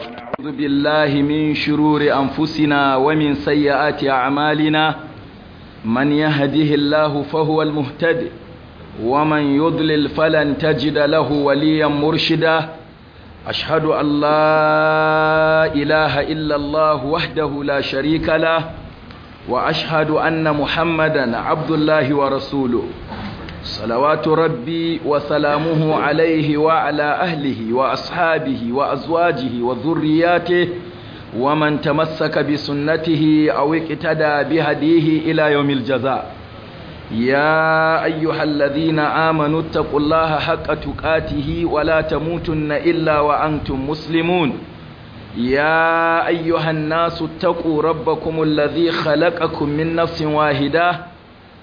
ونعوذ بالله من شرور أنفسنا ومن سيئات أعمالنا من يهده الله فهو المهتد ومن يضلل فلن تجد له وليا مرشدا أشهد أن لا إله إلا الله وحده لا شريك له وأشهد أن محمدا عبد الله ورسوله صلوات ربي وسلامه عليه وعلى أهله وأصحابه وأزواجه وذرياته ومن تمسك بسنته أو اقتدى بهديه إلى يوم الجزاء يا أيها الذين آمنوا اتقوا الله حق تقاته ولا تموتن إلا وأنتم مسلمون يا أيها الناس اتقوا ربكم الذي خلقكم من نفس واحده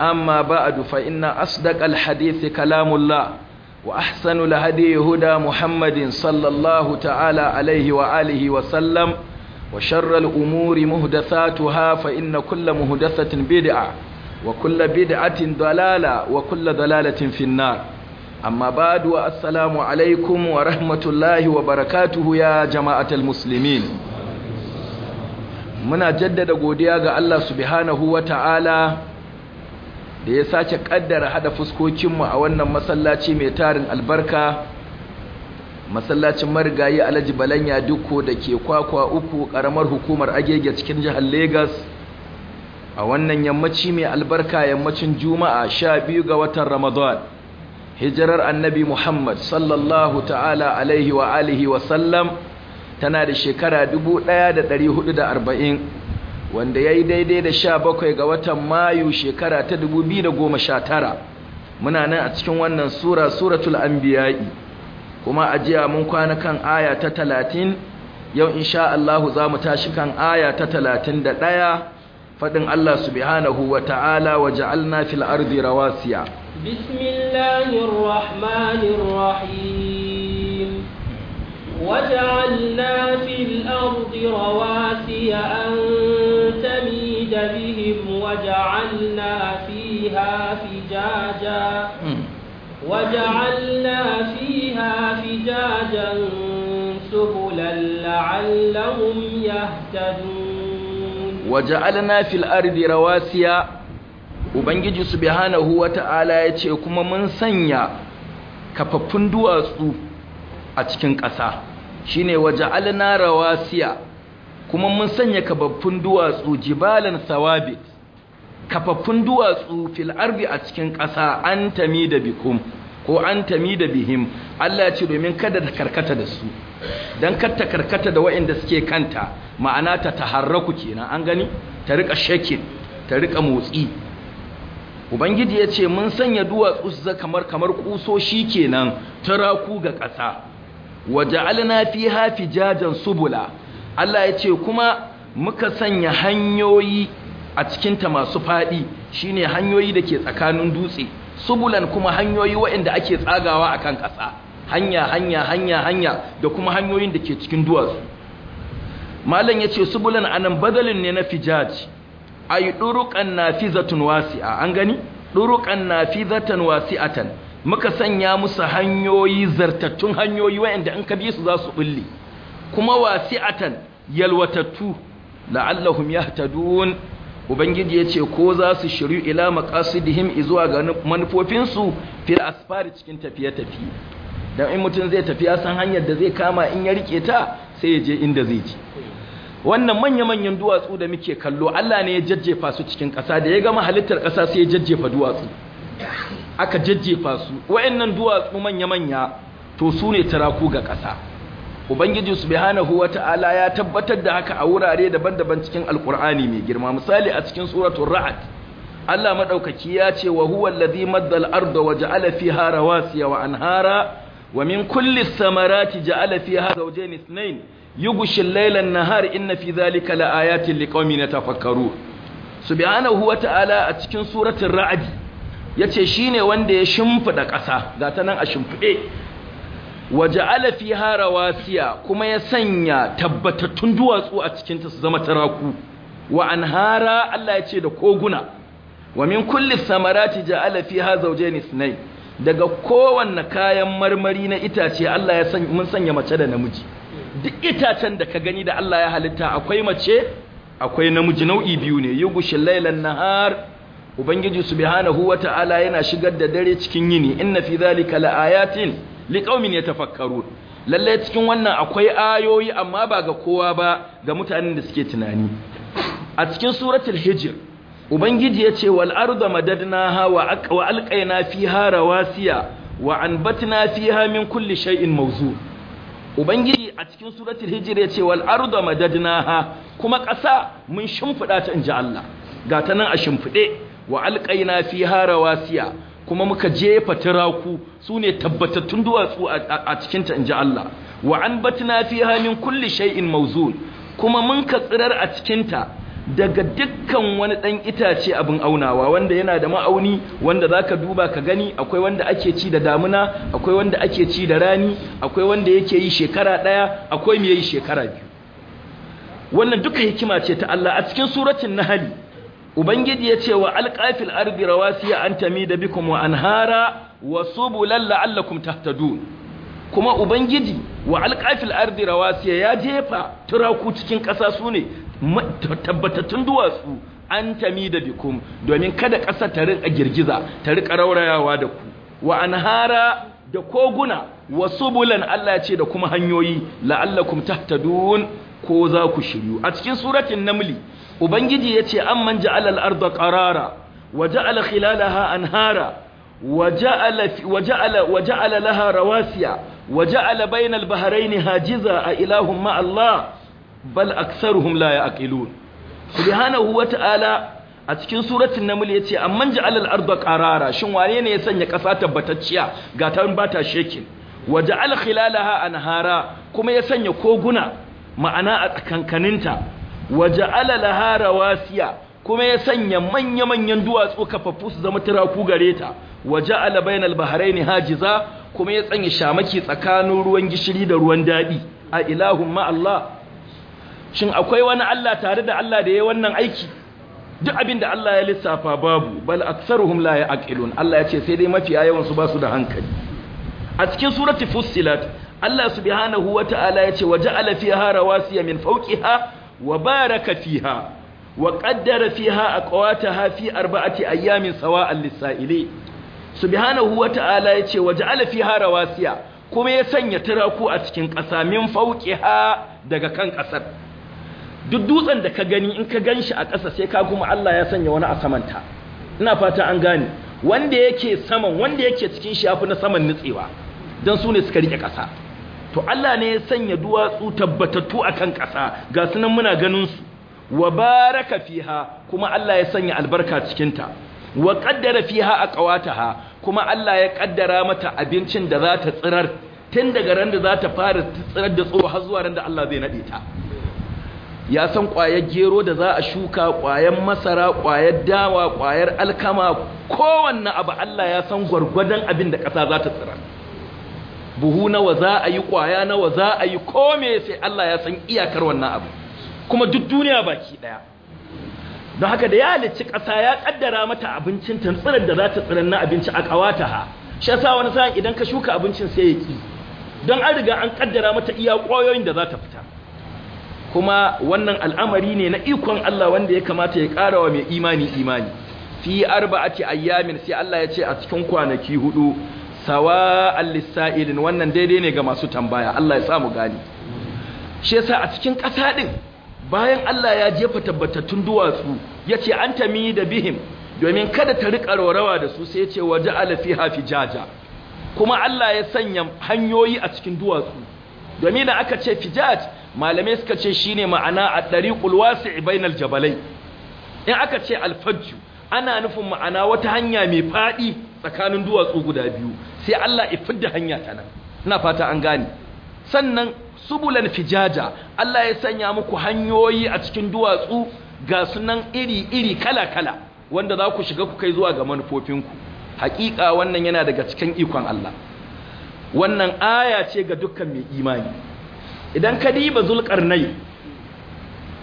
amma ba'du fa inna asdaqal hadithi kalamullah wa ahsanu lahadi yahuda muhammadin sallallahu ta'ala alayhi wa alihi wa sallam wa sharral umuri muhdathatuha fa inna kulla muhdathatin bid'a wa kulla bid'atin dalala wa kulla dalalatin finnar amma ba'du wa assalamu alaykum wa rahmatullahi wa barakatuhu ya jama'atal muslimin muna jaddada godiya ga Allah subhanahu wa ta'ala da ya sace kaddara hada fuskokinmu a wannan masallaci mai tarin albarka masallacin marigayi alhaji balanya dukko da ke kwakwa uku karamar hukumar agege cikin jihar Legas. a wannan yammaci mai albarka yammacin juma'a sha biyu ga watan ramadan hijirar annabi muhammad sallallahu ta'ala alaihi wa alihi wa sallam tana da shekara wanda ya yi daidai da sha bakwai ga watan mayu shekara ta dubu biyu da goma sha tara muna nan a cikin wannan sura suratul anbiya'i kuma a jiya mun kwana kan aya ta talatin yau insha Allahu za mu tashi kan aya ta talatin da ɗaya faɗin Allah subhanahu wa ta'ala wa ja'alna fil ardi rawasiya bismillahir rahmanir rahim فيها فجاجا وجعلنا فيها فجاجا سبلا لعلهم يهتدون وجعلنا في الأرض رواسيا Ubangiji subhanahu wata'ala ya ce kuma mun sanya kafaffun duwatsu a cikin ƙasa shi ne waje waja'alna rawasiya kuma mun sanya kafaffun duwatsu jibalan thawabit kafaffun duwatsu fil ardi a cikin ƙasa an tami da bikum ko an tami da bihim Allah ya ce domin kada ta karkata da su dan ta karkata da waɗanda suke kanta ma'ana ta taharraku kenan an gani ta rika shekin ta rika motsi ubangiji ya ce mun sanya duwatsu su kamar kamar kusoshi kenan taraku ga ƙasa waja'alna fiha fijajan subula Allah ya ce kuma muka sanya hanyoyi a cikinta masu faɗi shine hanyoyi da ke tsakanin dutse subulan kuma hanyoyi waɗanda ake tsagawa a kan ƙasa hanya hanya hanya hanya da kuma hanyoyin da ke cikin duwatsu malam ya yace subulan anan badalin ne na fijaji ay duruqan nafizatun wasi'a an gani duruqan nafizatan wasi'atan muka sanya musu hanyoyi zartattun hanyoyi waɗanda in ka bi su za su bulle kuma wasi'atan yalwatattu la'allahum yahtadun ubangiji ya ce ko za su shiryu ila maqasidihim izuwa ga manufofinsu fil asfari cikin tafiye-tafiye don in mutum zai tafiya san hanyar da zai kama in ya rike ta sai ya je inda zai ji wannan manya-manyan duwatsu da muke kallo Allah ne ya jajjefa su cikin ƙasa da ya gama halittar ƙasa sai ya jajjefa duwatsu aka jajjefa su wayannan duwatsu manya-manya to su ne ku ga ƙasa ubangiji subhanahu ta'ala ya tabbatar da haka a wurare daban-daban cikin alkur'ani mai girma misali a cikin suratun Ra'ad, Allah maɗaukaki ya ce wa huwa allazi madda al-ardha wa ja'ala fiha rawasiya wa anhara wa min kulli samarati ja'ala fiha zawjayn ithnayn yughshi al-layla an-nahar inna fi dhalika laayatin liqaumin yatafakkarun subhanahu wata'ala a cikin ya ce, yace shine wanda ya shimfiɗa ƙasa gata nan a shimfiɗe. waje alafi harawasiya kuma ya sanya tabbatattun duwatsu a cikinta su zama taraku wa an hara Allah ya ce da koguna wa min kulli samarati ja'ala fiha zawjayn ithnay daga kowanne kayan marmari na itace Allah ya mun sanya mace da namiji duk itacen da ka gani da Allah ya halitta akwai mace akwai namiji nau'i biyu ne yugushil lailan nahar ubangiji subhanahu wata'ala yana shigar da dare cikin yini inna fi zalika laayatin liqaumin tafakkaru. lalle cikin wannan akwai ayoyi amma ba ga kowa ba ga mutanen da suke tunani a cikin suratul hijr ubangiji ya ce wal arda ha, wa wa alqayna fiha rawasiya wa anbatna fiha min kulli shay'in mawzu ubangiji a cikin suratul hijr ya ce wal arda ha, kuma ƙasa mun shimfida ta inji Allah ga ta nan a shimfide wa alqayna fiha rawasiya kuma muka jefa turaku su ne tabbatattun duwatsu a cikinta in ji Allah wa an batina fi min kulli shai'in mauzul kuma mun ka tsirar a cikinta daga dukkan wani ɗan itace abin aunawa wanda yana da ma'auni wanda za ka duba ka gani akwai wanda ake ci da damuna akwai wanda ake ci da rani akwai wanda yake yi shekara ɗaya akwai mai yi shekara biyu wannan duka hikima ce ta Allah a cikin suratun nahali ubangiji ya ce wa alƙafil ardi rawasiya an da bikum wa anhara wa subulan la'allakum tahtadun kuma ubangiji wa alƙafil ardi rawasiya ya jefa turaku cikin ƙasa su ne tabbatattun duwatsu an da bikum domin kada ƙasa ta rinka girgiza ta rinka raurayawa da ku wa anhara da koguna wa subulan Allah ya ce da kuma hanyoyi la'allakum tahtadun ko za ku shiryu a cikin suratin namli ubangiji ya ce an ja'ala al-arda qarara wa ja'ala khilalaha anhara wa ja'ala Waje ja'ala laha rawasiya wa al hajiza a ilahum ma Allah bal aktharuhum la ya'qilun subhanahu wa ta'ala a cikin suratin naml yace amman ja'ala al-arda qarara shin wane ne ya sanya kasa tabbatacciya ga ta ba ta shekin wa ja'ala khilalaha anhara kuma ya sanya koguna ma'ana a tsakankaninta waje hara rawasiya kuma ya sanya manya-manyan duwatsu kafafu su zama turaku gare ta waje alabain ne hajiza kuma ya tsanya shamaki tsakanin ruwan gishiri da ruwan daɗi a ilahun ma'allah shin akwai wani Allah tare da Allah da ya wannan aiki duk abin da Allah ya lissafa babu bal aktsaruhum la yaqilun Allah ya ce sai dai mafi yawan su ba su da hankali a cikin surati fussilat Allah subhanahu wata'ala yace waja'ala fiha rawasiya min fawqiha wa baraka fiha wa qaddara fiha aqwataha fi arba'ati ayamin sawa'an lis-sa'ili subhanahu wata'ala yace waja'ala fiha rawasiya kuma ya sanya turaku a cikin ƙasa min fawqiha daga kan ƙasar duk dutsen da ka gani in ka ganshi a ƙasa sai ka kuma Allah ya sanya wani a samanta ina fata an gane wanda yake saman wanda yake cikin shi na saman nutsewa dan su ne suka rike ƙasa to Allah ne ya sanya duwatsu tabbatattu akan ƙasa ga sunan muna ganin su wa baraka fiha kuma Allah ya sanya albarka cikin ta wa qaddara fiha aqwataha kuma Allah ya kaddara mata abincin da za ta tsirar tun daga ran da za ta fara tsirar da tsoro har zuwa ran da Allah zai nade ta ya san ƙwayar gero da za a shuka kwayar masara ƙwayar dawa kwayar alkama kowanne abu Allah ya san gwargwadon abin da ƙasa za ta tsirar. buhu nawa za a yi kwaya nawa za a yi kome sai Allah ya san iyakar wannan abu kuma duk duniya baki daya don haka da ya halicci ƙasa ya ƙaddara mata abincin tantsirar da za ta tsirar na abinci a kawata ha shi yasa wani sa idan ka shuka abincin sai ya ki don an riga an kaddara mata iya ƙwayoyin da za ta fita kuma wannan al'amari ne na ikon Allah wanda ya kamata ya ƙara wa mai imani imani fi arba'ati ayyamin sai Allah ya ce a cikin kwanaki hudu Sawa lisa'ilin wannan daidai ne ga masu tambaya Allah ya samu gani shi yasa a cikin ƙasa din bayan Allah ya jefa tabbatattun duwatsu yace an mi da bihim domin kada ta rika rawarawa da su sai yace waja'ala fiha fijaja kuma Allah ya sanya hanyoyi a cikin duwatsu domin da aka ce fijaj malamai suka ce shine ma'ana a tariqul wasi' bainal jabalai in aka ce al-fajj ana nufin ma'ana wata hanya mai fadi tsakanin duwatsu guda biyu sai Allah ya fidda hanya ta nan ina fata an gane sannan subulan fijaja Allah ya sanya muku hanyoyi a cikin duwatsu ga sunan iri-iri kala-kala wanda za ku shiga ku kai zuwa ga ku hakika wannan yana daga cikin ikon Allah wannan aya ce ga dukkan mai imani idan ka diba zulkarnai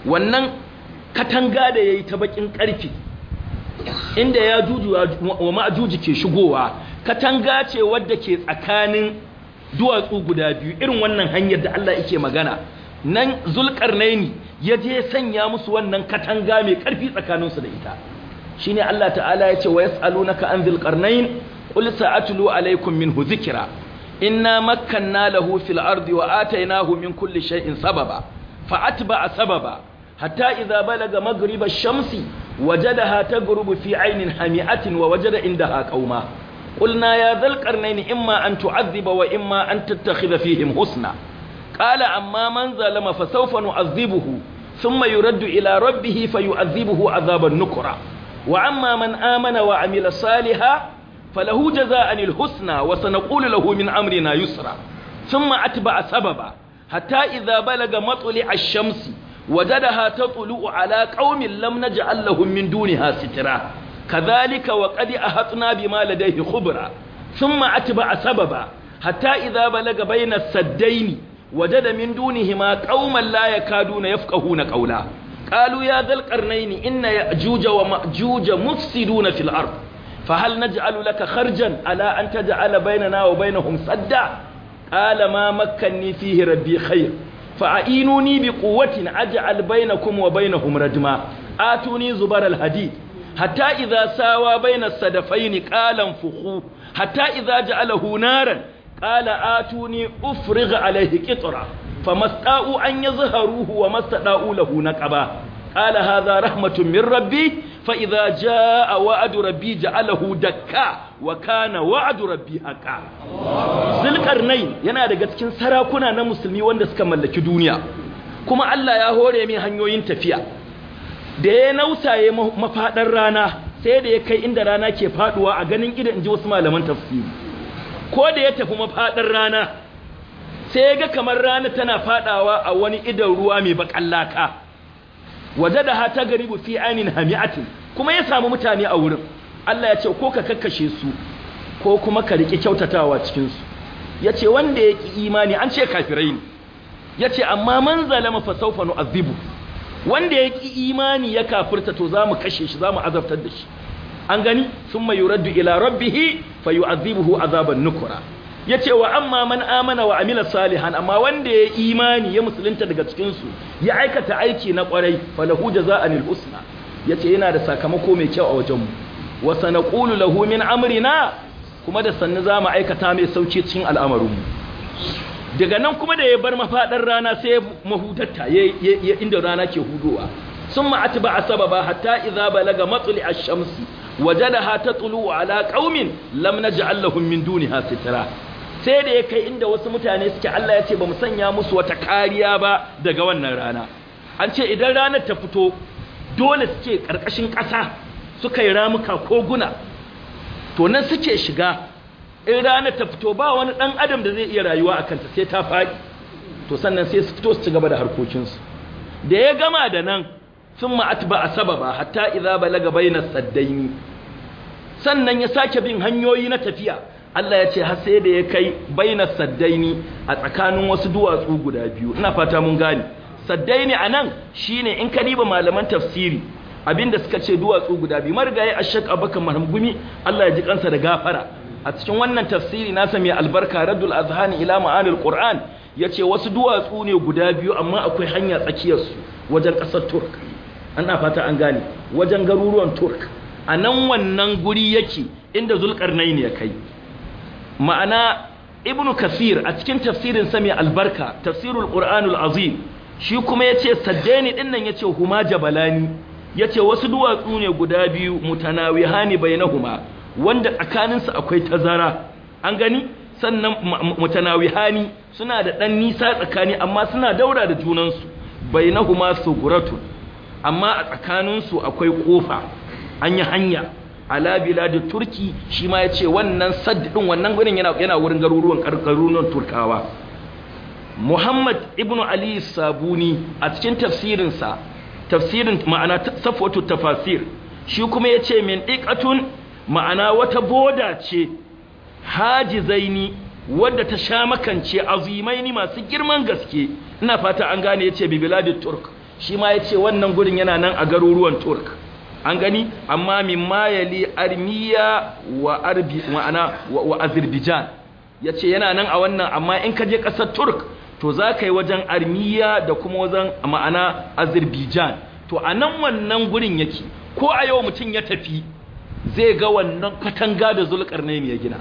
wannan katanga da yayi ta bakin karfi inda ya juju wa ma'ajuji ke shigowa katanga ce wadda ke tsakanin duwatsu guda biyu irin wannan hanyar da Allah yake magana nan zulkarnaini ya je sanya musu wannan katanga mai karfi su da ita shine Allah ta'ala ya ce wa yas'alunaka an zulkarnain qul sa'atlu alaykum minhu zikra inna makkanna lahu fil ardi wa atainahu min kulli shay'in sababa fa atba'a sababa hatta idza balaga maghriba shamsi وجدها تقرب في عين حمئة ووجد عندها قوما قلنا يا ذا القرنين إما أن تعذب وإما أن تتخذ فيهم حسنا قال أما من ظلم فسوف نعذبه ثم يرد إلى ربه فيعذبه عذابا نكرا وأما من آمن وعمل صالحا فله جزاء الحسنى وسنقول له من أمرنا يسرا ثم أتبع سببا حتى إذا بلغ مطلع الشمس Waje da wajadaha tsulu'u ala qaumin lam naj'al lahum min duniha sitra kadhalika wa qad ahatna bima ladayhi khubra thumma atba'a sababa hatta idha balaga bayna as-saddayn wajada min dunihima qauman la yakaduna yafqahuna qawla qalu ya dhal qarnayn inna ya'juja wa ma'juja mufsiduna fil ard fahal naj'alu laka kharjan ala an nawa baynana wa baynahum sadda Ƙalama ma makkanni fihi rabbi khayr fa'inuni bi quwwatin aj'al bainakum wa bainahum rajma atuni zubar alhadid Hata idza sawa baina sadafaini qalan fuhu hatta idza ja'alahu naran qala atuni ufrigh alayhi Fa famasta'u an zaharuhu wa mastada'u lahu naqaba qala hadha rahmatun min rabbi fa ja a wa'adu rabbi ja'alahu dakka wa kana wa'adu rabbi haka? zulkarnain yana daga cikin sarakuna na musulmi wanda suka mallaki duniya kuma Allah ya hore min hanyoyin tafiya da ya nausaye mafaɗar rana sai da ya kai inda rana ke faduwa a ganin gida ji wasu malaman tafsiri ko da ya tafi mafaɗar rana sai ya ga kamar rana tana fadawa a wani idan ruwa mai bakallaka wajada waje da ha ta fi ainin hami'atin kuma ya samu mutane a wurin Allah ya ce ko ka kakkashe su ko kuma ka riƙe kyautatawa cikinsu ya ce wanda ya ƙi imani an ce kafirai ne ya ce amma man zalama fa saufa wanda ya ƙi imani ya kafirta to za mu kashe shi za mu azabtar da shi an gani sun mai yuraddu ila rabbihi fa azibuhu azaban nukura ya ce wa amma man amana wa amila salihan amma wanda ya imani ya musulunta daga cikinsu ya aikata aiki na kwarai falahu jaza'anil husna ya ce yana da sakamako mai kyau a wajenmu wa sanaqulu lahu min amrina kuma da sannu za mu aikata mai sauki cikin al'amarinmu daga nan kuma da ya bar mafaɗar rana sai mahutatta ya inda rana ke hudowa sun ma'ati ba a saba ba hatta iza balaga matsuli a shamsi waje da hata ta tsulu ala ƙaumin lamna ji allahun min duni sitira sai da ya kai inda wasu mutane suke allah ya ce ba mu sanya musu wata kariya ba daga wannan rana an ce idan ranar ta fito dole suke ƙarƙashin ƙasa suka yi ramuka ko guna. to nan suke shiga in rana ta fito ba wani dan adam da zai iya rayuwa a kanta sai ta faɗi to sannan sai su fito su ci gaba da harkokinsu da ya gama da nan sun ma'atba a sababa hatta idza balaga baina saddaini sannan ya sake bin hanyoyi na tafiya Allah ya ce har sai da ya kai baina saddaini a tsakanin wasu duwatsu guda biyu ina fata mun gane saddaini anan shine in ka diba malaman tafsiri abinda suka ce duwatsu guda biyu marigayi a abaka marhumgumi Allah ya ji kansa da gafara a cikin wannan tafsiri na sami albarka radul azhani ila ma'anil qur'an yace wasu duwatsu ne guda biyu amma akwai hanya tsakiyarsu su wajen kasar turk ana fata an gane wajen garuruwan turk a nan wannan guri yake inda zulkar zulkarnain ya kai ma'ana Ibn kasir a cikin tafsirin sami albarka tafsirul qur'anul azim shi kuma yace saddani dinnan yace huma jabalani Ya ce wasu duwatsu ne guda biyu bai na huma wanda tsakaninsu akwai tazara an gani sannan mutanawihani suna da ɗan nisa tsakani amma suna daura da junansu Bai na huma su suguratu amma a tsakaninsu akwai kofa an yi hanya alabila da turki shi ma ya ce wannan saddin wannan gudun yana yana wurin garuruwan karkarunan turkawa Muhammad ibn Ali Sabuni a cikin tafsirinsa tafsirin ma'ana safwatu tafasir shi kuma yace min iqatun ma'ana wata boda ce hajizaini wadda ta sha makance azimaini masu girman gaske ina fata an gane yace bi biladit turk shi ma yace wannan gurin yana nan a garuruwan turk an gani amma min mayali armiya wa arbi ma'ana wa, azerbaijan yace yana nan a wannan amma in ka je ƙasar turk to za ka yi wajen armiya da kuma wajen ma'ana Azirbijan. to a nan wannan gurin yake ko a yau mutum ya tafi zai ga wannan katanga da zulkar ne ya gina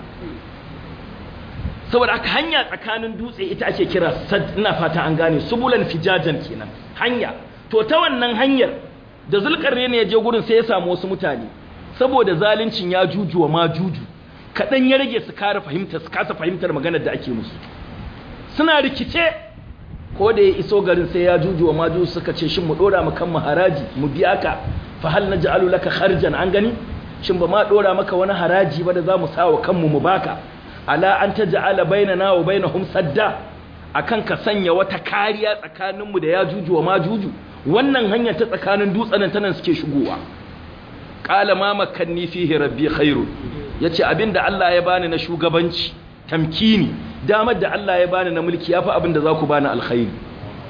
saboda aka hanya tsakanin dutse ita ake kira ina fata an gane subulan fijajan kenan hanya to ta wannan hanyar da zulkar ne ya je gurin sai ya samu wasu mutane saboda zaluncin ya juju ma juju kaɗan ya rage su kare fahimta su kasa fahimtar maganar da ake musu suna rikice ko da ya iso garin sai ya juju wa maju suka ce shin mu dora mu kan haraji mu biya ka fa hal naj'alu laka kharjan an gani shin ba ma dora maka wani haraji ba da zamu sawa kanmu mu baka ala an taj'ala bainana wa bainahum sadda akan ka sanya wata kariya tsakanin mu da ya juju wa majuju wannan hanya ta tsakanin dutsen tanan suke shigowa qala ma makanni fihi rabbi khairu yace abinda Allah ya bani na shugabanci tamkini damar da Allah ya bani na mulki yafi abin da za ku bani alkhairi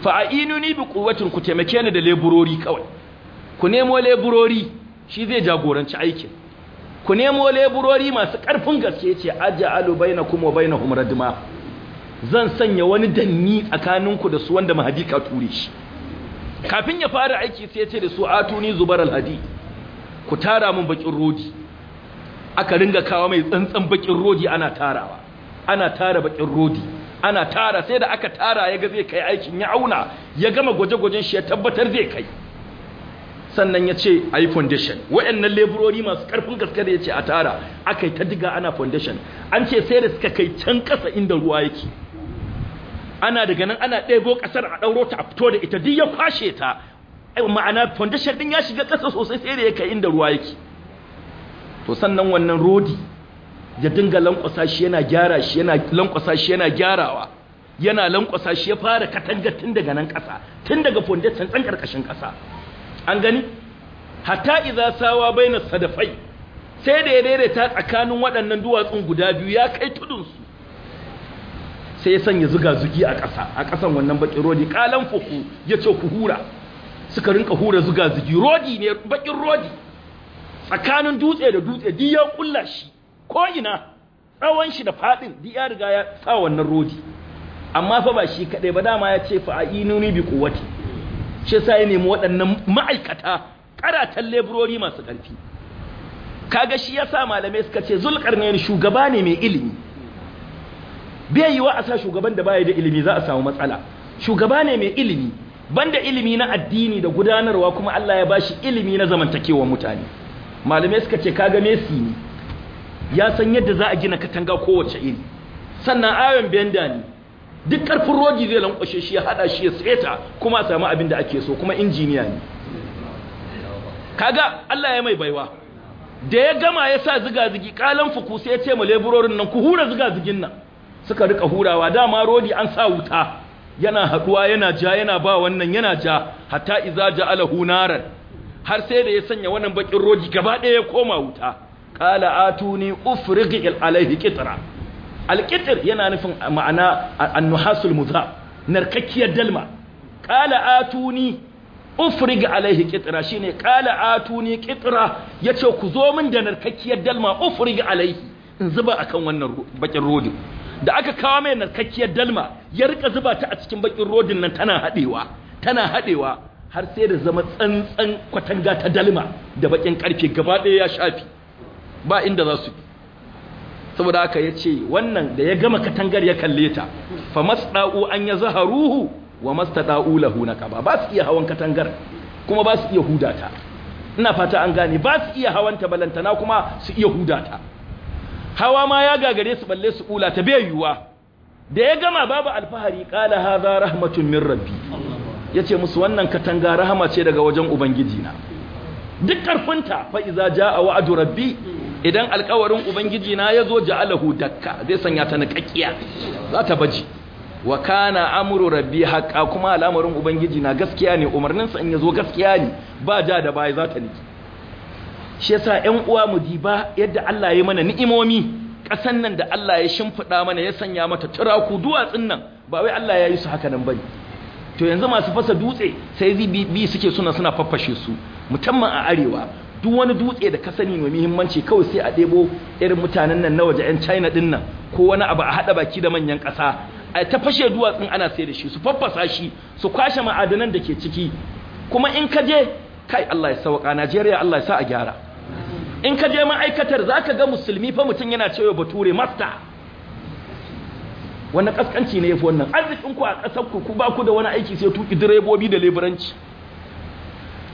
fa ainuni bi quwwatin ku taimake ni da leburori kawai ku nemo leburori shi zai jagoranci aikin ku nemo leburori masu ƙarfin gaske ce aj'alu bainakum wa bainahum radma zan sanya wani danni tsakaninku da su wanda mahadika ture shi kafin ya fara aiki sai ya ce da su atuni zubar alhadi ku tara mun bakin rodi aka ringa kawo mai tsantsan bakin rodi ana tarawa ana tara bakin rodi ana tara sai da aka tara ya ga zai kai aikin ya auna ya gama gwaje-gwajen shi ya tabbatar zai kai sannan ya ce a yi foundation wa'annan leburori masu karfin gaske da ya ce a tara aka yi ta diga ana foundation an ce sai da suka kai can kasa inda ruwa yake ana daga nan ana ɗebo ƙasar a ɗauro ta a fito da ita duk ya kwashe ta ma'ana foundation din ya shiga ƙasa sosai sai da ya kai inda ruwa yake to sannan wannan rodi ya dinga lankwasa shi yana gyara shi yana lankwasa shi yana gyarawa yana lankwasa shi ya fara katanga tun daga nan ƙasa tun daga foundation ɗan ƙarƙashin ƙasa an gani hatta idza sawa baina sadafai sai da ya daidaita tsakanin waɗannan duwatsun guda biyu ya kai tudun su sai ya sanya zuga zugi a ƙasa a ƙasan wannan bakin rodi kalan fuku ce ku hura suka rinka hura zuga zugi rodi ne bakin rodi tsakanin dutse da dutse duk ya ko ina tsawon shi da faɗin duk ya riga ya sa wannan rodi amma fa ba shi kaɗai ba dama ya ce fa ainuni bi quwwati shi sa ya nemi waɗannan ma'aikata karatan leburori masu ƙarfi kaga shi ya sa malamai suka ce zulqarnain shugaba ne mai ilimi bai yi wa a sa shugaban da baya da ilimi za a samu matsala shugaba ne mai ilimi banda ilimi na addini da gudanarwa kuma Allah ya bashi ilimi na zamantakewa mutane malamai suka ce kaga Messi ne ya san yadda za a gina katanga kowace iri sannan ayon benda ne duk karfin rodi zai lankwashe shi ya haɗa shi ya tseta kuma a samu abin da ake so kuma injiniya ne kaga Allah ya mai baiwa da ya gama ya sa ziga-zigi kalan fuku sai ya ce ma leburorin nan ku hura zigazigin nan suka rika hurawa dama rodi an sa wuta yana haɗuwa yana ja yana ba wannan yana ja hatta iza alahu naran har sai da ya sanya wannan bakin rodi gaba ɗaya ya koma wuta qala atuni ufriqi alaihi qitra alqitr yana nufin ma'ana annuhasul muzab narkakiyar dalma qala atuni ufriqi alaihi qitra shine qala atuni qitra yace ku zo min da narkakiyar dalma ufriqi alaihi in zuba akan wannan bakin rodin da aka kawo mai narkakkiyar dalma ya rika zuba ta a cikin bakin rodin nan tana hadewa tana hadewa har sai da zama tsantsan kwatanga ta dalma da bakin karfe gaba ɗaya ya shafi ba inda za su bi saboda haka ya ce wannan da ya gama katangar ya kalle ta fa masɗa'u an ya zaharuhu wa mastada'u lahu na nakaba ba su iya hawan katangar kuma ba su iya hudata ina fata an gane ba su iya hawan ta balantana kuma su iya hudata hawa ma ya gagare su balle su ƙula ta bai yiwuwa da ya gama babu alfahari ha za rahmatun min rabbi ce musu wannan katanga rahama ce daga wajen ubangiji na duk ƙarfinta fa'iza ja a wa'adu rabbi idan alkawarin ubangiji na ya zo ja'alahu dakka zai sanya ta nakakkiya za ta baji wa kana amru rabbi haqa kuma al'amarin ubangiji na gaskiya ne umarnin sa in yazo gaskiya ne ba ja da baya za ta niki shi yasa ɗan uwa mu diba yadda Allah ya mana ni'imomi ƙasan nan da Allah ya shimfida mana ya sanya mata turaku duwatsun nan ba wai Allah ya yi su haka nan bane to yanzu masu fasa dutse sai zibi suke suna suna faffashe su mutumman a arewa duk wani dutse da ka sani mai muhimmanci kawai sai a ɗebo irin mutanen nan na waje 'yan china ɗin nan ko wani abu a haɗa baki da manyan ƙasa a ta fashe duwatsun ana sai da shi su faffasa shi su kwashe ma'adanan da ke ciki kuma in ka je kai Allah ya sauka Najeriya Allah ya sa a gyara in ka je ma'aikatar za ka ga musulmi fa mutum yana cewa bature masta wannan kaskanci ne ya fi wannan arzikin ku a ƙasar ku ku ba ku da wani aiki sai tuki direbobi da leburanci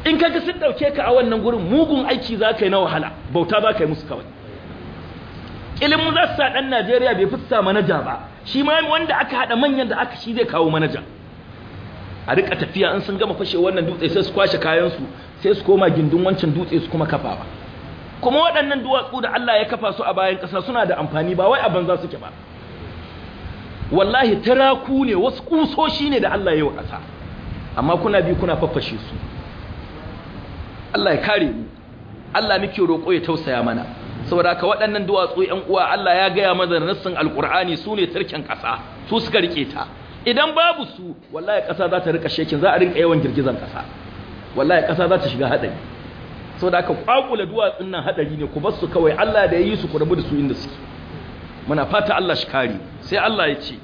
in kaga sun dauke ka a wannan gurin mugun aiki za ka yi na wahala bauta za ka yi musu kawai ilimin za su sa ɗan najeriya bai fusa manaja ba shi ma wanda aka haɗa manyan da aka shi zai kawo manaja a rika tafiya in sun gama fashe wannan dutse sai su kwashe kayansu sai su koma gindin wancan dutse su kuma kafa kafawa kuma waɗannan duwatsu da Allah ya kafa su a bayan ƙasa suna da amfani ba wai a su suke ba wallahi taraku ne wasu ƙusoshi ne da Allah ya yi wa ƙasa amma kuna bi kuna faffashe su Allah ya kare mu Allah muke roƙo ya tausaya mana saboda ka waɗannan duwatsu ƴan uwa Allah ya gaya mana nassin alqur'ani su ne tarkin ƙasa su suka rike ta idan babu su wallahi ƙasa za ta rika shekin za a rinka yawan girgizan ƙasa wallahi ƙasa za ta shiga hadari saboda ka kwakula duwatsun nan hadari ne ku bar su kawai Allah da ya yi su ku rabu da su inda suke muna fata Allah shi kare sai Allah ya ce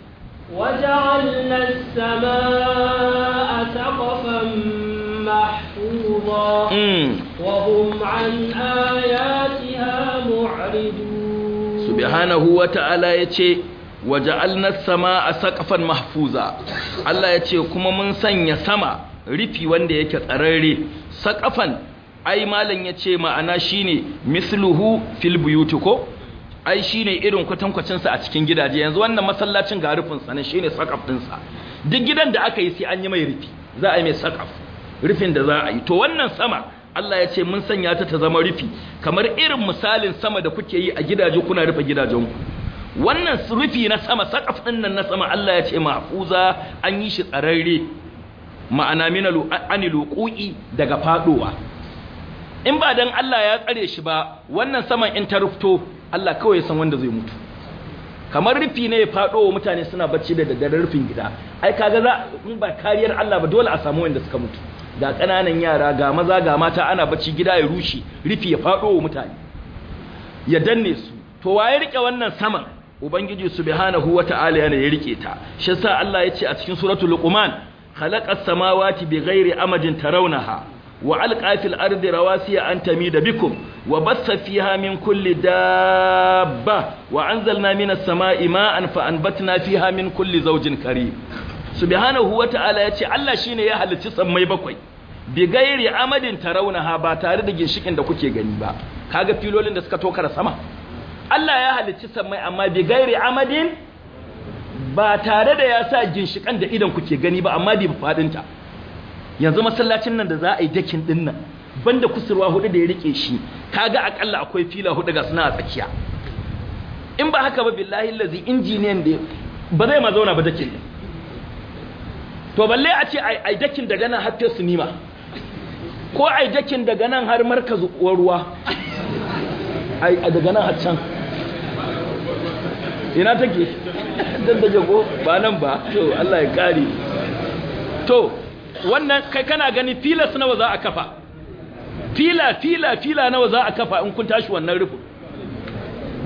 وجعلنا السماء سقفا محفوظا وهم عن آياتها معرضون سبحانه وتعالى يتي وجعلنا السماء سقفا محفوظا الله يتي كما من سنة سما rufi wanda yake tsararre Sakafan, ai malam ya ce ma'ana shine misluhu fil buyuti ko ai shine irin kwatankwacinsa a cikin gidaje yanzu wannan masallacin ga rufinsa ne sakaf ɗinsa duk gidan da aka yi sai an yi mai rufi za a yi mai sakaf rufin da za a yi to wannan sama Allah ya ce mun sanya ta ta zama rufi kamar irin misalin sama da kuke yi a gidaje kuna rufe gidajenku wannan rufi na sama sakaf din nan na sama Allah ya ce mahfuza an yi shi tsararre ma'ana min aniluqui daga fadowa in ba dan Allah ya tsare shi ba wannan saman in ta rufto Allah kawai ya san wanda zai mutu kamar rufi ne ya fado mutane suna bacci da daddare rufin gida ai kaga za in ba kariyar Allah ba dole a samu wanda suka mutu ga ƙananan yara ga maza ga mata ana bacci gida ya rushe rufi ya faɗo wa mutane ya danne su to waye rike wannan saman ubangiji subhanahu wata'ala yana ya rike ta shi yasa Allah ya ce a cikin suratul luqman khalaqas samawati bighairi amajin tarawnaha wa alqa fil ardi rawasiya an tamida bikum wa bassa fiha min kulli dabba wa anzalna minas samai ma'an fa anbatna fiha min kulli zawjin karim subhanahu wata'ala ya ce Allah shine ya halicci sammai bakwai bi gairi amadin tarawunaha ba tare da ginshikin da kuke gani ba kaga filolin da suka tokar sama Allah ya halicci sammai amma bi gairi amadin ba tare da ya sa ginshikan da idan kuke gani ba amma bi fadinta yanzu masallacin nan da za a yi dakin din nan banda kusurwa hudu da ya rike shi kaga akalla akwai fila hudu ga suna a tsakiya in ba haka ba billahi lazi injiniyan da ba zai ma zauna ba dakin din to balle a ce ai dakin daga nan har nima, ko ai dakin daga nan har markaz ruwa ai daga nan har can ina take dan da jago ba nan ba to Allah ya kare to wannan kai kana gani filas nawa za a kafa fila fila fila nawa za a kafa in kun tashi wannan rufin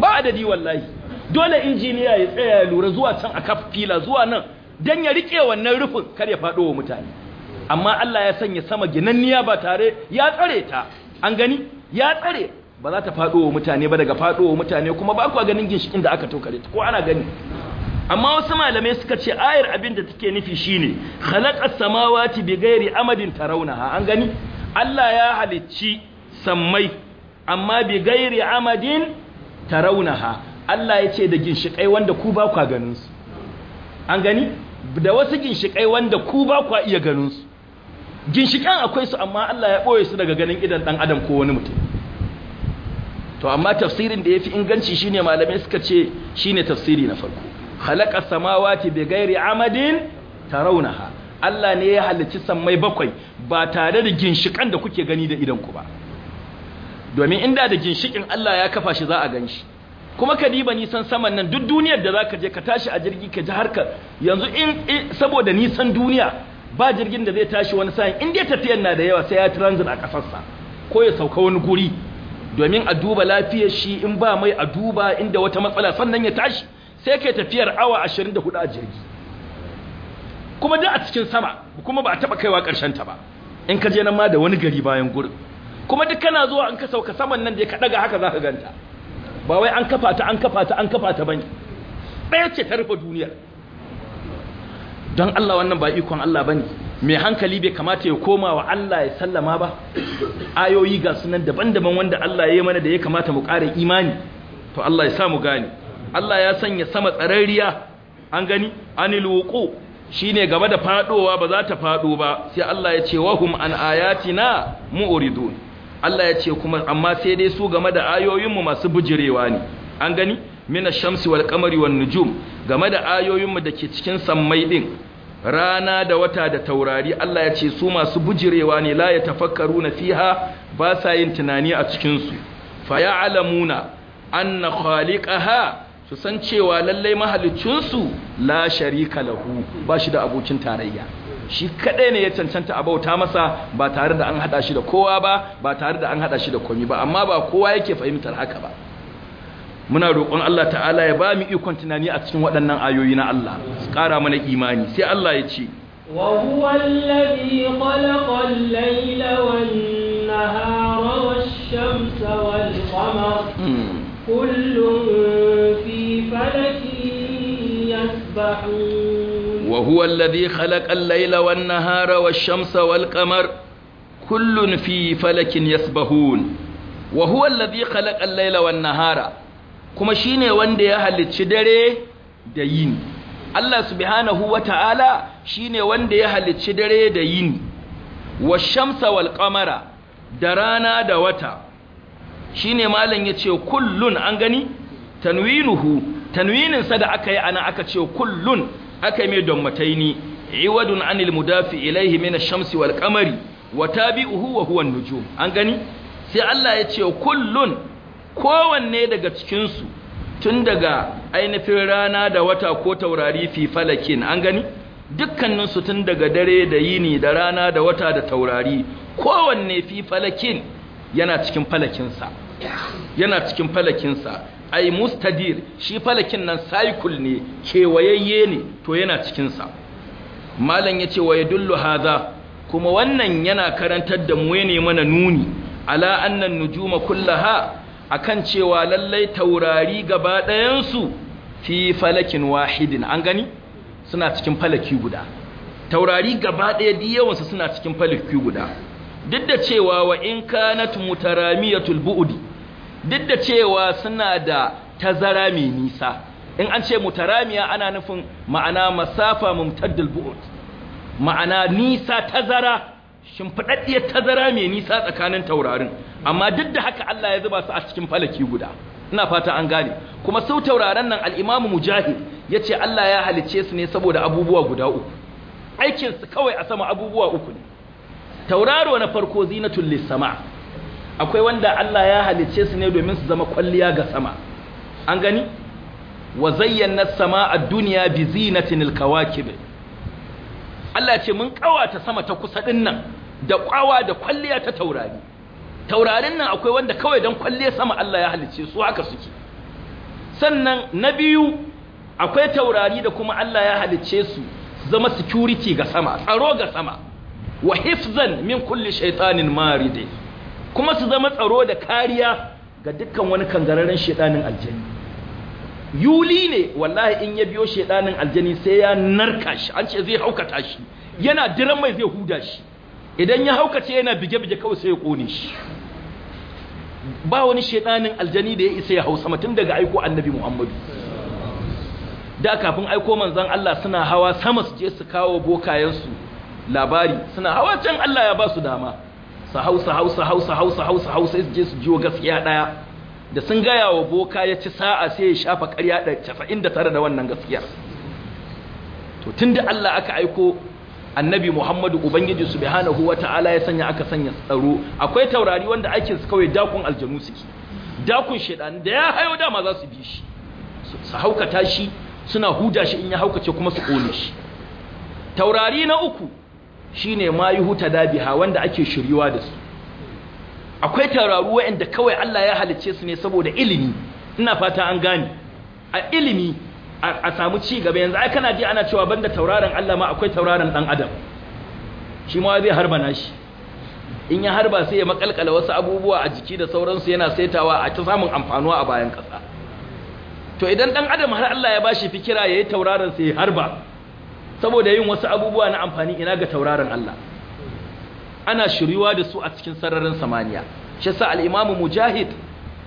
ba adadi wallahi dole injiniya ya tsaya ya lura zuwa can a kafa fila zuwa nan Don ya riƙe wannan rufin kar ya faɗo wa mutane amma Allah ya sanya sama ginanniya ba tare ya tsare ta an gani ya tsare ba za ta faɗo wa mutane ba daga faɗo wa mutane kuma ba ku ganin ginshikin da aka tokare ta ko ana gani amma wasu malamai suka ce ayar abin da take nufi shine khalaqas samawati bighairi amadin an gani Allah ya halicci sammai amma bighairi amadin tarawunaha Allah ya ce da ginshikai wanda ku ba ku ganin su an gani da wasu ginshikai wanda ku ba ku iya ganin su ginshikan akwai su amma Allah ya boye su daga ganin idan dan adam ko wani mutum to amma tafsirin da yafi inganci shine malamai suka ce shine tafsiri na farko khalaqa samawati bighairi amadin tarawunaha Allah ne ya halicci sammai bakwai ba tare da ginshikan da kuke gani da idan ku ba domin inda da ginshikin Allah ya kafa shi za a gan kuma ka diba nisan saman nan duk duniyar da za ka je ka tashi a jirgi ka ji harka yanzu in saboda nisan duniya ba jirgin da zai tashi wani sa'in in dai tafiyar na da yawa sai ya transit a kasarsa ko ya sauka wani guri domin a duba lafiyar shi in ba mai a duba inda wata matsala sannan ya tashi sai kai tafiyar awa ashirin da hudu a jirgi kuma duk a cikin sama kuma ba a taba kaiwa karshen ta ba in ka je nan ma da wani gari bayan gurin kuma duk kana zuwa in ka sauka saman nan da ka daga haka za ka ganta ba wai an kafa ta an kafa ta an kafa ta bane ɗaya ce ta rufe duniya. don Allah wannan ba ikon Allah bane mai hankali bai kamata ya koma wa Allah ya sallama ba ayoyi ga sunan daban-daban wanda Allah ya yi mana da ya kamata mu ƙara imani to Allah ya sa mu gane Allah ya sanya sama tsararriya an gani anil wuqu shine gaba da fadowa ba za ta fado ba sai Allah ya ce wahum an ayatina mu'ridun Allah ya ce kuma amma sai dai su game da ayoyinmu masu bujirewa ne an gani mina shamsi wal kamari wan nujum game da ayoyinmu da ke cikin sammai din rana da wata da taurari Allah ya ce su masu bujirewa ne la ya tafakkaru na fiha ba sa yin tunani a cikinsu fa ya alamuna an khaliqaha su san cewa lallai mahaliccinsu la sharika lahu ba shi da abokin tarayya shi kadai ne ya cancanta a bauta masa ba tare da an hada shi da kowa ba ba tare da an hada shi da komi ba amma ba kowa yake fahimtar haka ba muna roƙon Allah ta'ala ya ba mu ikon tunani a cikin waɗannan ayoyi na Allah su ƙara mana imani sai Allah ya ce وهو الذي كل في فلك يسبحون وهو الذي خلق الليل والنهار والشمس والقمر كل في فلك يسبحون وهو الذي خلق الليل والنهار kuma shine wanda ya halicci dare da yini Allah subhanahu wata'ala shine wanda ya halicci dare da yini washamsa wal qamara da rana da wata shine malam yace kullun an gani tanwinuhu tanwinin sa da aka yi ana aka ce kullun aka yi mai mataini iwadun anil mudafi ilaihi min shamsi wal qamari wa tabi'uhu wa huwa an an gani sai Allah ya ce kullun kowanne daga cikinsu su tun daga ainihin rana da wata ko taurari fi falakin an gani dukkanin tun daga dare da yini da rana da wata da taurari kowanne fi falakin yana cikin falakinsa yana cikin falakinsa ai mustadir shi falakin nan cycle ne kewayayye ne to yana cikinsa malam ya ce wa ya dullu haza kuma wannan yana karantar da mu ne mana nuni ala annan nujuma kullaha akan cewa lallai taurari gaba ɗayansu fi falakin wahidin an gani suna cikin falaki guda taurari gaba ɗaya yawansu suna cikin falaki guda duk da cewa wa in kanat mutaramiyatul bu'di duk da cewa suna da tazara mai nisa in an ce mutaramiya ana nufin ma'ana masafa mumtaddal bu'ud ma'ana nisa tazara shimfidaddiyar tazara mai nisa tsakanin taurarin amma duk da haka Allah ya zuba su a cikin falaki guda ina fata an gane kuma sau tauraron nan al-Imam Mujahid yace Allah ya halice su ne saboda abubuwa guda uku aikin su kawai a sama abubuwa uku ne tauraro na farko zinatul lisama' akwai wanda Allah ya halicce su ne domin su zama kwalliya ga sama an gani wa zayyana sama a duniya bi zinatin al-kawakib Allah ce mun kawata sama ta kusa din nan da kwawa da kwalliya ta taurari taurarin nan akwai wanda kawai dan kwalliya sama Allah ya halicce su haka suke sannan na biyu akwai taurari da kuma Allah ya halicce su zama security ga sama tsaro ga sama wa hifzan min kulli shaytanin marid kuma su zama tsaro da kariya ga dukkan wani kangararren shedanin aljani yuli ne wallahi in ya biyo shaidanin aljani sai ya narka shi an ce zai haukata shi yana diran mai zai huda shi idan ya haukace yana bige-bige kawai sai ya kone shi ba wani shedanin aljani da ya isa ya hausa mutum daga aiko annabi muhammadu da kafin aiko manzon Allah suna hawa sama su je su kawo bokayensu labari suna hawa can Allah ya ba su dama su Hausa-hausa-hausa-hausa-hausa-hausa. su je su jiwo gaskiya daya da sun gaya wa boka ya ci sa'a sai ya shafa ƙarya da casa'in da tare da wannan gaskiyar to tun da Allah aka aiko annabi Muhammadu Ubangiji su subhanahu wa ta'ala ya sanya aka sanya tsaro akwai taurari wanda ake su kawai dakun aljanu suke dakun shaidan da ya hayo dama za su bi shi su haukata shi suna huda shi in ya haukace kuma su kone shi taurari na uku shine ma yuhuta dabiha wanda ake shiryuwa da su akwai tararu wa'anda kawai Allah ya halicce su ne saboda ilimi ina fata an gane a ilimi a samu ci gaba yanzu ai kana ji ana cewa banda tauraron Allah ma akwai tauraron ɗan adam shi ma zai harba nashi in ya harba sai ya makalkala wasu abubuwa a jiki da sauransu yana saitawa a ta samun amfanuwa a bayan kasa to idan ɗan adam har Allah ya bashi fikira yi tauraron sai ya harba saboda yin wasu abubuwa na amfani ina ga tauraron Allah ana shiryuwa da su a cikin sararin samaniya shi yasa al-imamu mujahid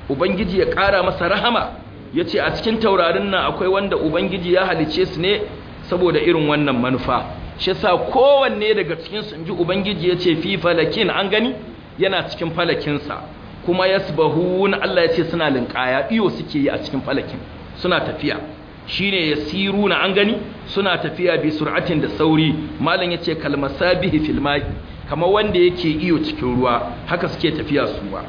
ubangiji ya kara masa rahama yace a cikin taurarin nan akwai wanda ubangiji ya halice su ne saboda irin wannan manufa shi yasa kowanne daga cikin su inji ubangiji yace fi falakin an gani yana cikin falakin sa kuma yasbahun Allah yace suna linkaya iyo suke yi a cikin falakin suna tafiya shine yasiruna an gani suna tafiya bi sur'atin da sauri malam yace kalmasabihi fil ma'i kamar wanda yake iyo cikin ruwa haka suke tafiya su ba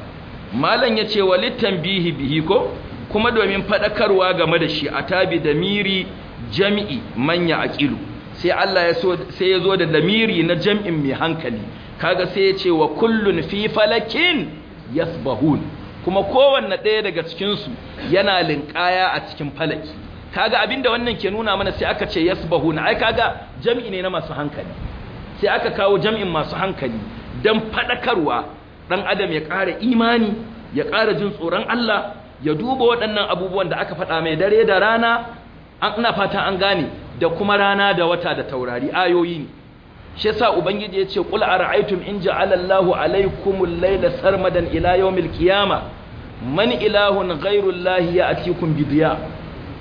malam yace walittan bihi bihi ko kuma domin fadakarwa game da shi atabi damiri jami'i manya aqilu sai Allah ya so sai ya zo da damiri na jam'in mai hankali kaga sai ya ce wa kullun fi falakin yasbahun kuma kowanne ɗaya daga cikinsu yana linƙaya a cikin falaki kaga abinda wannan ke nuna mana sai aka ce yasbahuna ai kaga jami'i ne na masu hankali sai aka kawo jami'in masu hankali dan fadakarwa dan adam ya ƙara imani ya ƙara jin tsoron Allah ya duba waɗannan abubuwan da aka faɗa mai dare da rana an ina fata an gane da kuma rana da wata da taurari ayoyi ne shi yasa ubangiji ya ce qul ara'aytum in ja'ala Allahu alaykumul layla sarmadan ila yawmil qiyamah man ilahun ghayru ya'tikum bidiya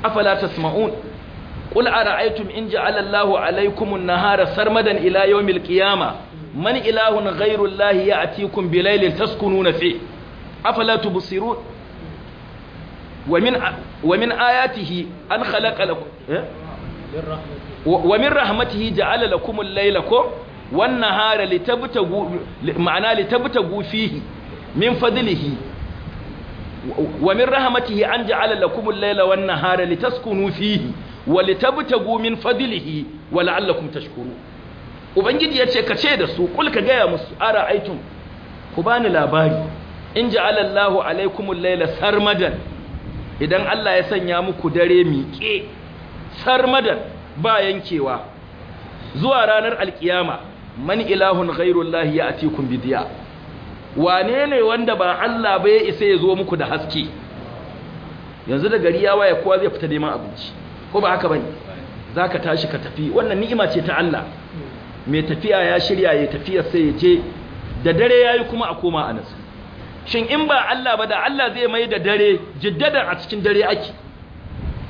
afala tasma'un a ara'aytum in ja'ala Allahu alaykum an-nahara sarmadan ila yawmil qiyamah man ilahun ghayru Allahi ya'tikum bilaylin taskununa fi afala tubsirun wa min wa min ayatihi an khalaqa lakum eh? wa min rahmatihi ja'ala lakum al-layla ko wan ma'ana litabtagu fihi min fadlihi wa min rahmatihi an ja'ala lakum al-laila wan nahara litaskunu fihi wa litabtagu min fadlihi wa la'allakum ubangiji yace ka ce da su kul ka gaya musu ara aitum ku bani labari in ja'ala Allahu al-laila sarmadan idan Allah ya sanya muku dare miƙe sarmadan ba yankewa zuwa ranar alkiyama man ilahun a ya'tikum bidiya wane ne wanda ba Allah ba ya isa ya zo muku da haske yanzu da gari ya waya kowa zai fita neman abinci ko ba haka bane zaka tashi ka tafi wannan ni'ima ce ta Allah mai tafiya ya shirya ya tafiya sai ya je da dare yayi kuma a koma a nasu shin in ba Allah ba da Allah zai mai da dare jiddadan a cikin dare ake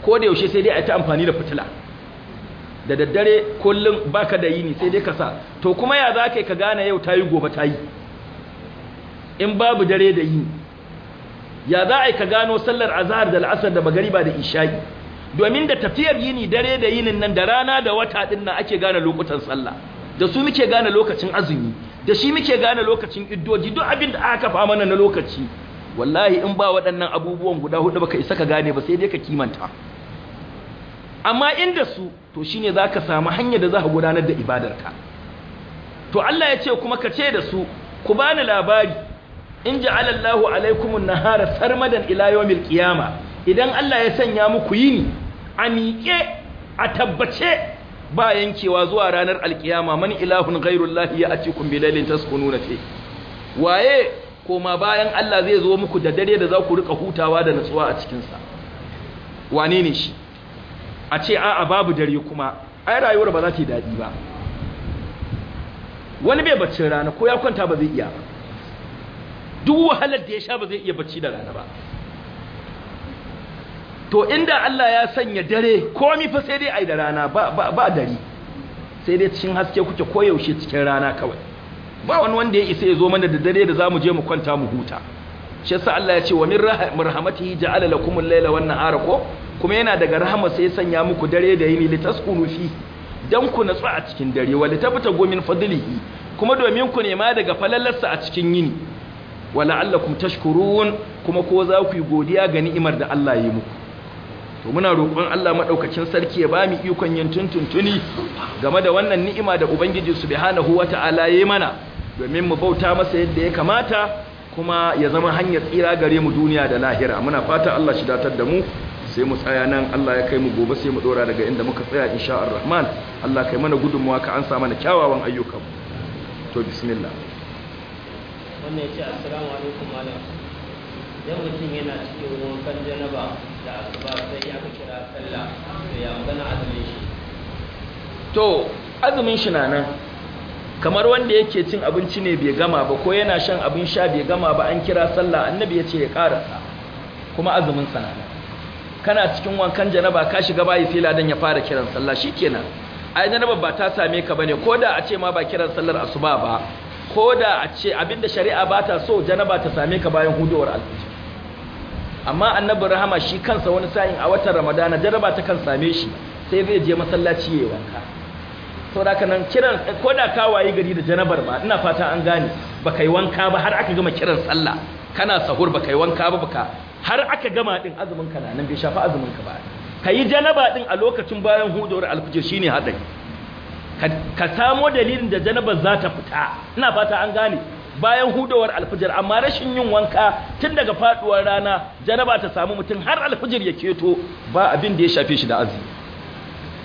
ko da yaushe sai dai a ta amfani da fitila da daddare kullum baka da yini sai dai ka sa to kuma ya zakai ka gane yau tayi gobe tayi in babu dare da yi ya za a yi ka gano sallar azahar da la'asar da magariba da isha'i domin da tafiyar yini dare da yinin nan da rana da wata ɗin nan ake gane lokutan sallah da su muke gane lokacin azumi da shi muke gane lokacin iddoji duk abin da aka fa mana na lokaci wallahi in ba waɗannan abubuwan guda hudu baka isa ka gane ba sai dai ka kimanta amma inda su to shine zaka samu hanyar da za ka gudanar da ibadarka to Allah ya ce kuma ka ce da su ku bani labari in ja'ala Allahu alaikum nahara sarmadan ila yawmil qiyama idan Allah ya sanya muku yini a miƙe a tabbace ba yankewa zuwa ranar alkiyama man ilahun ghairullahi ya atikum bilailin taskununa fi waye koma bayan Allah zai zo muku da dare da za ku rika hutawa da natsuwa a cikin sa wane ne shi a ce a'a babu dare kuma ai rayuwar ba za ta yi daɗi ba wani bai baccin rana ko ya kwanta ba zai iya ba duk wahalar da ya sha ba zai iya bacci da rana ba to inda Allah ya sanya dare komi fa sai dai ai da rana ba ba, sai dai cikin haske kuke koyaushe cikin rana kawai ba wani wanda ya isa ya zo mana da dare da za mu je mu kwanta mu huta shi yasa Allah ya ce wa min rahmatihi ja'ala lakum al-laila an nahara ko kuma yana daga rahama sai ya sanya muku dare da yini taskunu fi dan ku natsu a cikin dare wa litabta gomin fadlihi kuma domin ku nema daga falalarsa a cikin yini wa la'allakum tashkurun kuma ko za ku yi godiya ga ni'imar da Allah ya yi muku to muna roƙon Allah maɗaukacin sarki ya ba mu ikon yin tuntuntuni game da wannan ni'ima da ubangiji su subhanahu ta’ala ya yi mana domin mu bauta masa yadda ya kamata kuma ya zama hanyar tsira gare mu duniya da lahira muna fata Allah shi datar da mu sai mu tsaya nan Allah ya kai mu gobe sai mu dora daga inda muka tsaya insha Allah Allah kai mana gudunmuwa ka an sa mana kyawawan ayyukan to bismillah wannan ya ce assalamu alaikum malam idan mutum yana cikin wankan janaba da asuba sai ya kira sallah to ya magana azumin shi to azumin shi na nan kamar wanda yake cin abinci ne bai gama ba ko yana shan abin sha bai gama ba an kira sallah annabi ya ce ya karasa kuma azumin sa nan kana cikin wankan janaba ka shiga bayi fila dan ya fara kiran sallah shikenan ai janaba ba ta same ka bane ko da a ce ma ba kiran sallar asuba ba ko da a ce abinda shari'a ba ta so janaba ta same ka bayan hudowar alfijir amma annabi rahama shi kansa wani sa'in a watan ramadana janaba ta kan same shi sai zai je masallaci yi wanka saboda haka nan kiran ko da ka wayi gari da janabar ba ina fata an gane baka yi wanka ba har aka gama kiran sallah kana sahur baka yi wanka ba baka har aka gama din azumin ka nan bai shafa azumin ka ba yi janaba din a lokacin bayan hudowar shi shine hadari ka samo dalilin da janabar za ta fita ina fata an gane bayan hudawar alfijir amma rashin yin wanka tun daga faduwar rana janaba ta samu mutum har alfijir ya keto ba abin da ya shafe shi da azumi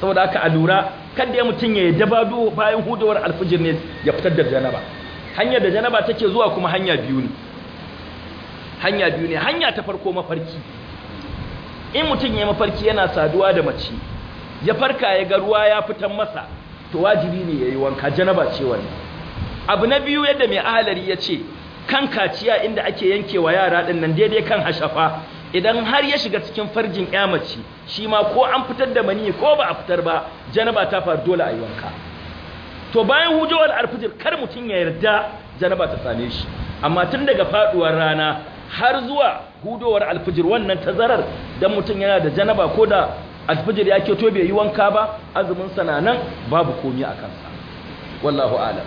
saboda haka a lura kan kada mutum ya yi bayan hudawar alfijir ne ya fitar da janaba hanyar da janaba take zuwa kuma hanya biyu ne hanya biyu ne hanya ta farko mafarki in mutum ya yi mafarki yana saduwa da mace ya farka ya ga ruwa ya fitan masa to wajibi ne yayi wanka janaba ce wannan abu na biyu yadda mai ahalari ya ce kan kaciya inda ake yanke wa yara din nan daidai kan hashafa idan har ya shiga cikin farjin ya mace shi ma ko an fitar da mani ko ba a fitar ba janaba ta faru dole a yi wanka to bayan huduwar alfijir kar mutum ya yarda janaba ta same shi amma tun daga faduwar rana har zuwa hudowar alfijir wannan tazarar dan mutum yana da janaba ko da alfajir ya keto bai yi wanka ba azumin sa nan babu komi a kansa wallahu a'lam